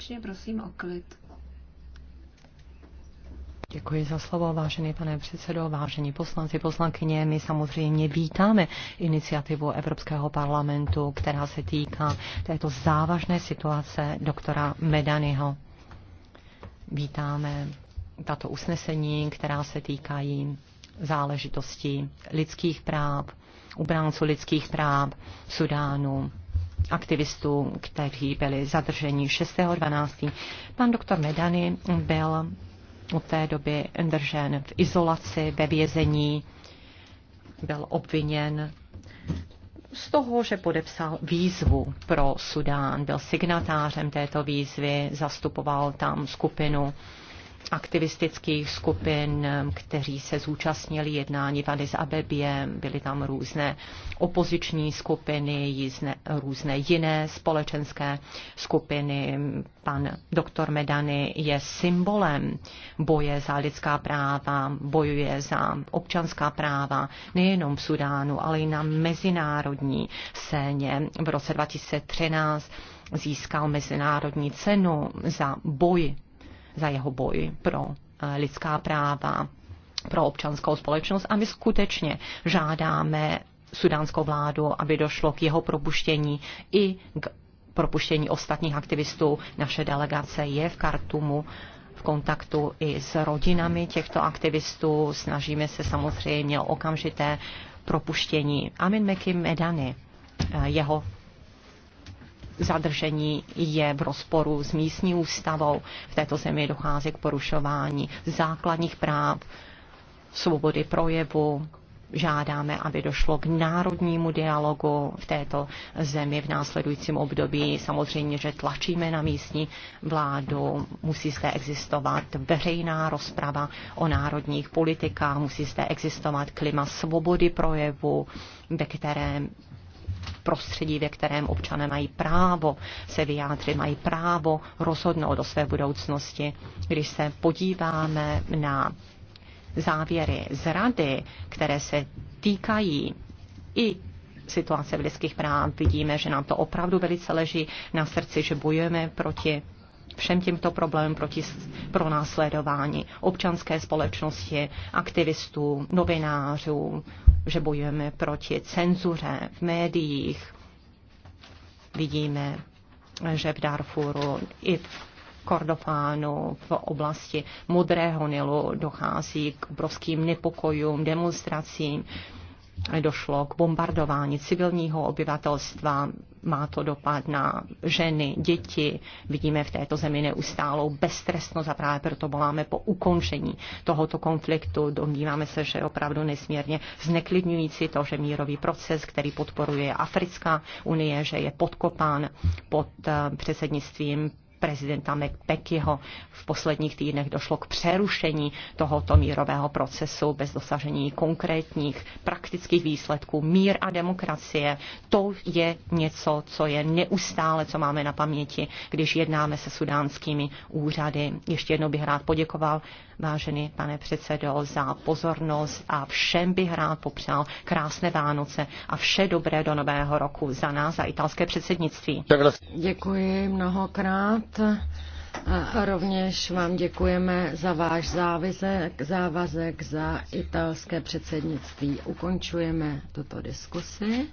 Srdečně prosím o klid. Děkuji za slovo, vážený pane předsedo, vážení poslanci, poslankyně. My samozřejmě vítáme iniciativu Evropského parlamentu, která se týká této závažné situace doktora Medanyho. Vítáme tato usnesení, která se týkají záležitostí lidských práv, ubránců lidských práv v Sudánu, aktivistů, kteří byli zadrženi 6.12. Pan doktor Medany byl od té doby držen v izolaci, ve vězení, byl obviněn z toho, že podepsal výzvu pro Sudán, byl signatářem této výzvy, zastupoval tam skupinu aktivistických skupin, kteří se zúčastnili jednání v Addis Abebě, byly tam různé opoziční skupiny, jizne, různé jiné společenské skupiny. Pan doktor Medany je symbolem boje za lidská práva, bojuje za občanská práva nejenom v Sudánu, ale i na mezinárodní scéně. V roce 2013 získal mezinárodní cenu za boj za jeho boj pro eh, lidská práva, pro občanskou společnost a my skutečně žádáme sudánskou vládu, aby došlo k jeho propuštění i k propuštění ostatních aktivistů. Naše delegace je v Kartumu v kontaktu i s rodinami těchto aktivistů. Snažíme se samozřejmě o okamžité propuštění. Amin Mekim Medany, eh, jeho zadržení je v rozporu s místní ústavou. V této zemi dochází k porušování základních práv, svobody projevu, žádáme, aby došlo k národnímu dialogu v této zemi v následujícím období. Samozřejmě, že tlačíme na místní vládu, musí zde existovat veřejná rozprava o národních politikách, musí zde existovat klima svobody projevu, ve kterém prostředí, ve kterém občané mají právo se vyjádřit, mají právo rozhodnout o své budoucnosti. Když se podíváme na závěry z rady, které se týkají i situace v lidských práv, vidíme, že nám to opravdu velice leží na srdci, že bojujeme proti všem těmto problémům proti pro následování občanské společnosti, aktivistů, novinářů, že bojujeme proti cenzuře v médiích. Vidíme, že v Darfuru i v Kordofánu v oblasti Modrého Nilu dochází k obrovským nepokojům, demonstracím došlo k bombardování civilního obyvatelstva, má to dopad na ženy, děti. Vidíme v této zemi neustálou beztrestnost a právě proto voláme po ukončení tohoto konfliktu. Domníváme se, že je opravdu nesmírně zneklidňující to, že mírový proces, který podporuje Africká unie, že je podkopán pod eh, předsednictvím prezidenta McPekyho. V posledních týdnech došlo k přerušení tohoto mírového procesu bez dosažení konkrétních praktických výsledků. Mír a demokracie, to je něco, co je neustále, co máme na paměti, když jednáme se sudánskými úřady. Ještě jednou bych rád poděkoval, vážený pane předsedo, za pozornost a všem bych rád popřál krásné Vánoce a vše dobré do nového roku za nás, za italské předsednictví. Děkuji mnohokrát a rovněž vám děkujeme za váš závizek, závazek za italské předsednictví. Ukončujeme tuto diskusi.